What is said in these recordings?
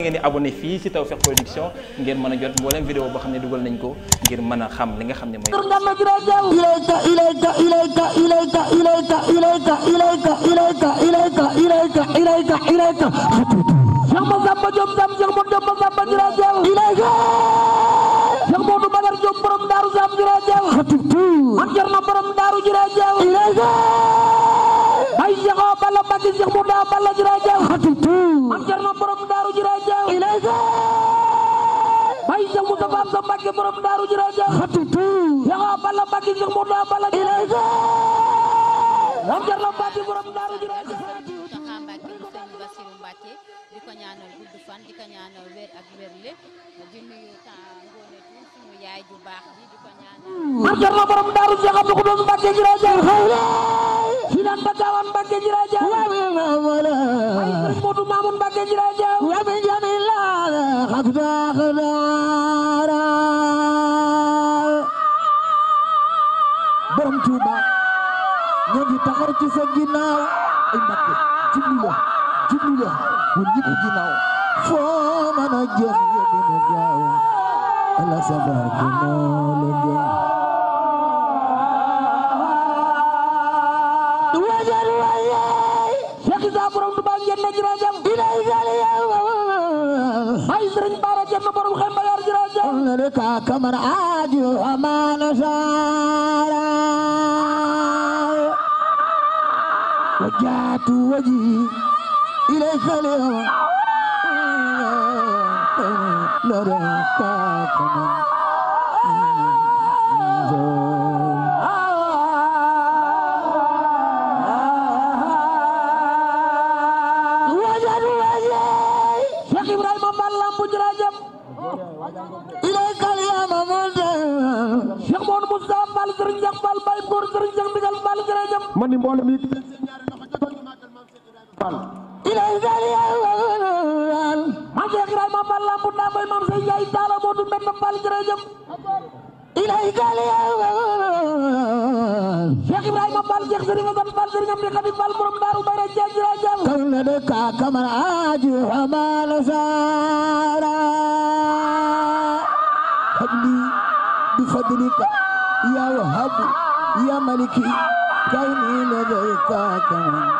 ngeen di abonné fii ci Tawfekh Production ngeen mën a jot mboolem vidéo boo xam ne dugal nañ ko ngir mën a xam li nga xam ne mooy ilayka ilayka ilayka ilayka ilayka ilayka ilayka ilayka ilayka ilayka ilayka ilayka Cheikh Massamba Diop Sam Cheikh Modou Diop Massamba Jura Jël ilayka Cheikh Modou Badar Diop borom Daaru Sam Jura Jël xatibtu am jarna borom Daaru Jura Jël ilayka ay Cheikh Balla Mbacke Cheikh Modou Balla Jura Jël Papa Absa Mbacké borom daaru jiraja hatutu yaxa bala Mbacké ngir mo da bala jiraja lam jar la Mbacké borom daaru jiraja di ko ñaanal gudd fan di ko ñaanal wér ak wér lépp di nuyu temps ngoone tuuti suñu yaay ju baax bi di ko ñaanal. man jar na borom daaru Cheikh Abdou Khoudoss Mbacké Jiraja. fi naan ba gaawaan Mbacké Jiraja. waaw waaw waaw waaw. ay Serigne Modou Mamoun Mbacké Jiraja. waaw waaw waaw. ci sa ginnaaw ay Mbàkke jublu la jublu la bu ñëpp ginnaaw foo mën a jëm yóbbu gaaw ala sa barke moo la gën wajar wayay Cheikh Issa borom du baan jenn jirajam dinay gali yow ay Sëriñ Bara jenn borom xembayar jirajam la de ka kamar aaju amaana saa جعت وجهي إليك اليوم لرحتك من Mani mboolem yi ilay jali al mam Cheikh Ibrahima Fall lambu ndamboy mam sey yaay taala moo du mbenn Fall jërëjëf ilay jali al Cheikh Ibrahima Fall Cheikh Serigne Assane Fall Serigne Amdi Khadi Fall borom Daaru Bayra Jeng jërëjëf kaw na de ka kamar aaju xamal saara habli bi fadlika ya wahab ya maliki kaw ni ladayka kamar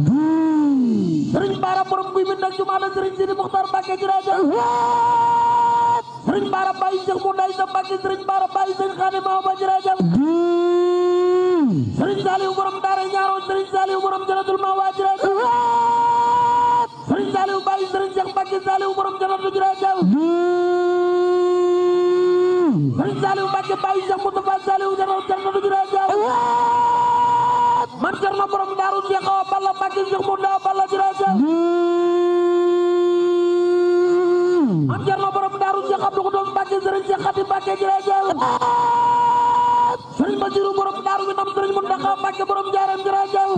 nag su ma amee sëriñ Sidi Muxtaar Mbàkke juraaja sëriñ Baara Baye Cheikh mu day sa Mbàkke sëriñ Baara Baye sëriñ Xaadim Maama juraaja sëriñ Saliou borom daara ñaaro sëriñ Saliou borom janatul Mawa juraaja sëriñ Saliou Baye sëriñ Cheikh Mbàkke Saliou borom janatul juraaja sëriñ Saliou Mbàkke Baye Cheikh Moustapha Saliou janatul juraaja man Cerno borom daaru Cheikh Awa Balla Mbàkke Xadim Mbàkke jirajël sëriñ Basiru borom daaru mi nam sëriñ Muntaxa Mbàkke borom njaaram jirajël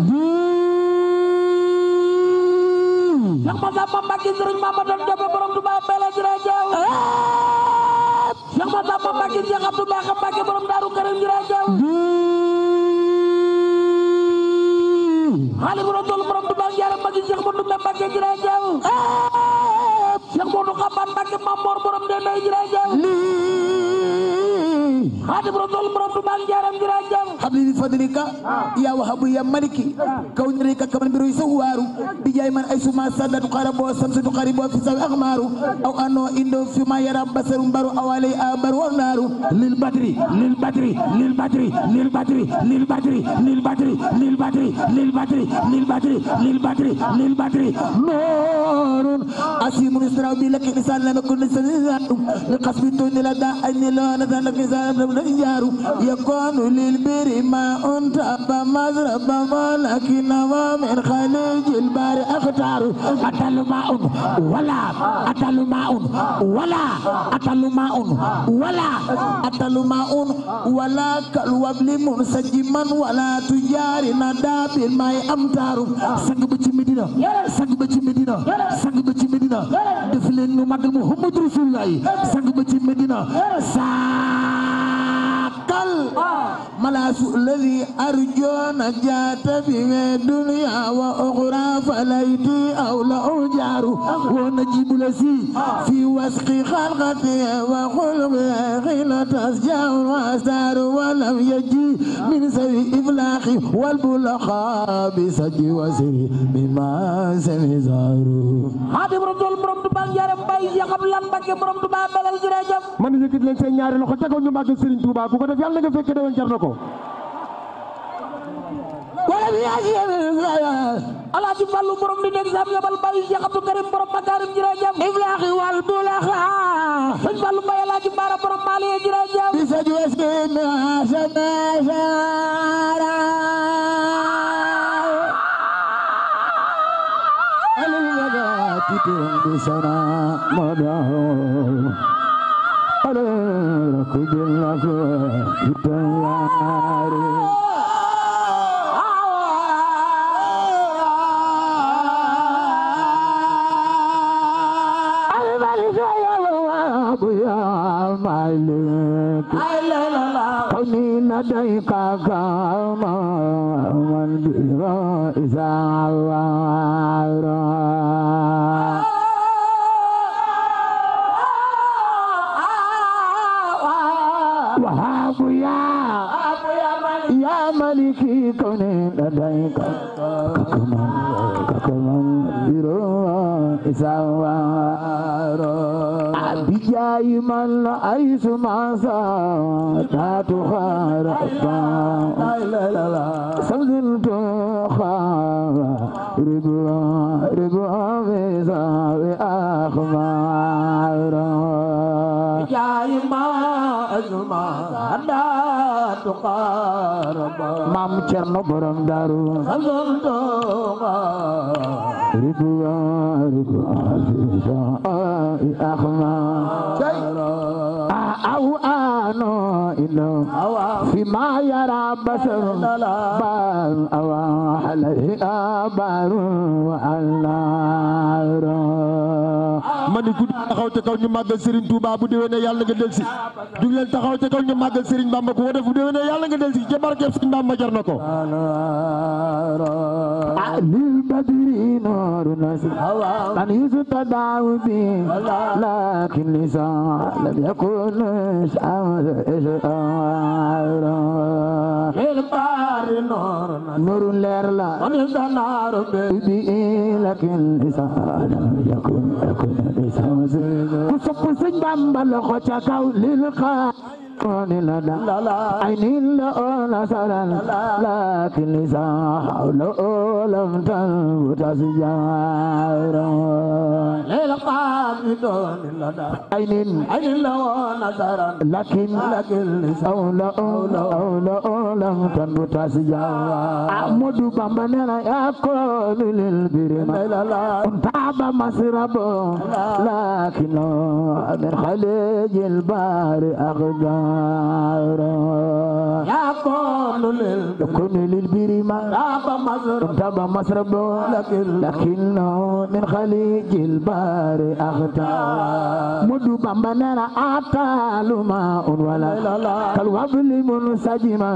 Cheikh Massamba Mbàkke sëriñ Mamadou Jobe borom Tuubaa Bela jirajël Cheikh Massamba Mbàkke Cheikh Abdou Baxa Mbàkke borom daaru Karim jirajël Xaadimu borom Tuubaa njaaram Mbàkke Ibrahim Ibrahim Ibrahim habibi fadlika ya wahabu ya maliki kawnirika kaman biru suwaru bijay man ay suma sadat qarabo samsu qaribo fi sawi aghmaru aw anno indo fi ma yara basarum baru awali ambar wa naru lil badri lil badri lil badri lil badri lil badri lil badri lil badri lil badri lil badri lil badri lil badri nurun asimun israu bi lak insan lam yakun sanadu لقصبتون لدى أن لا نذهب في زاد يكون للبر بما أنت بمزرب ملك نوى من خليج البار أختار أتل ماء ولا أتل ماء ولا أتل ماء ولا أتل ماء ولا كالوبل منسجما ولا تجار ندا بالماء أمتار سنجب مدينة سنجب مدينة سنجب مدينة دفلين مدينة محمد رسول الله سنجب مدينة سنجب tawakkal malaasu lali arjoo najaata fi mee duniyaa wa uxraa falayti aw la ujaaru wa najibu la si fi wasqi xalqati wa xulqi xiina tasjaa wastaar wa lam yaji min sawi iflaaxi wal bulaxaa bi saji wa siri bi maa semi zaaru xaadim rasul borom Tuubaa yaram bay ya xam lan Mbakke borom Tuubaa belal jërëjëf man yëkkit leen seen ñaari loxo ca kaw ñu màgg Sëriñ Tuubaa bu ko def yàlla nga fekk déwén jar na ko wala bi yaa si alaaji Fallu borom di nekk sam yabal bàyyi Cheikh Abdou Karim borom makaarim jërëjëf iflaaxi wal bulaxa sëñ Fallu Mbay alaaji Baara borom maaliye jërëjëf bi saj wasina sanasara alul waga titum bi sana madaho ala rakujil لديك كما من بلا إذا يا ملكي كن لديك ككمن ككمن بروا إسوارا بجاي من أيس ما سا تاتخار سمزلت خار ربوا ربوا بزار adaatu qaraba maam cerno borom daru xasantooma ridwa ridwa ridwai axma aw ano ino fi ma yara basar bar awa alayhi abar wa annar fan yu gudd taxaw ca kaw ñu màggal Serigne Touba bu déwénee yàlla nga delsi jug leen taxaw ca kaw ñu màggal Serigne Bamba ku ko def bu déwénee yàlla nga delsi ca barkeb Serigne na ko ah, lil badri nooru nasi tan yusu tadaaw bi lakin lisan lam yakun bil baari noor na nuurun leer la wani sa naaru bil bi lakin lisaana yakun yakun lisaana ku sopp sëñ Bamba loxo ca kaw lil xaar ni la da ay ni la ona saran lakin lisaana la olam tan buta si jaaran lil xaar عين عين لو نظرا لكن لكن أولى أولى أولى أولى كان تاسيا أحمد بمنا يا كل البرنا انتاب مسرب لكن من خليج البحر أغدار يا يكون للبر ما انتبى مسرب لكنه من خليج البار أختا مدو بمبنانا أعطى لما ولا كالوبل منسجما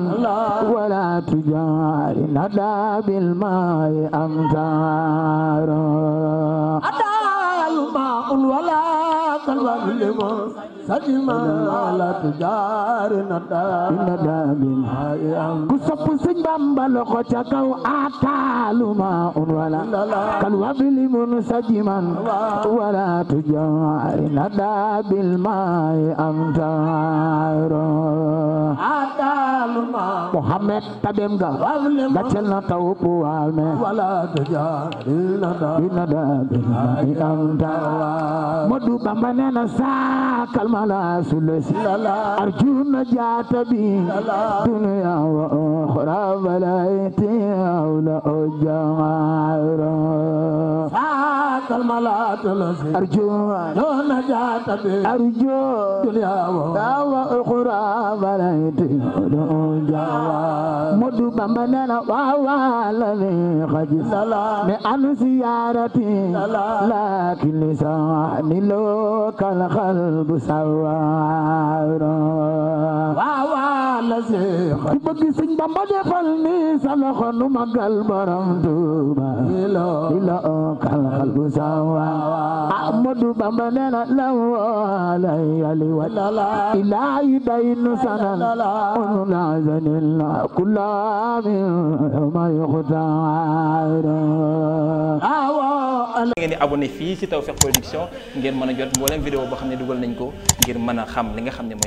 ولا تجار ندى بالماء أمتار أعطى لما ولا كالوبل منسجما sadima la tijaar na daabin ku sopp sëñ Bamba loxo ca kaw ataaluma un wala kal wabili mun sajiman wala tijaar na daabil maay am taaro Muhammad tabemga gachelna tawpu alme wala tajarina da dina da dina da Modu Bamba nena sa kalmala sulasi arjuna jatabi dunya wa ukhra walaiti awla ujara sa kalmala sulasi arjuna jatabi arjuna dunya wa ukhra walaiti Modu Bamba nee na waaw waaw la ne xaji me anu siyaarati laakin lisaani loo kal xalbu sawaaro ni sa loxo nu Ahmadu Bamba nee na law alay ali wa dala ilahi bayn sanan unu nazanil kullami ma yukhtaara i ngeen di abonné fii ci Tawfekh Production ngeen mën jot mboolem vidéo boo xam ne dugal nañ ko ngir mën a xam li xam ne mooy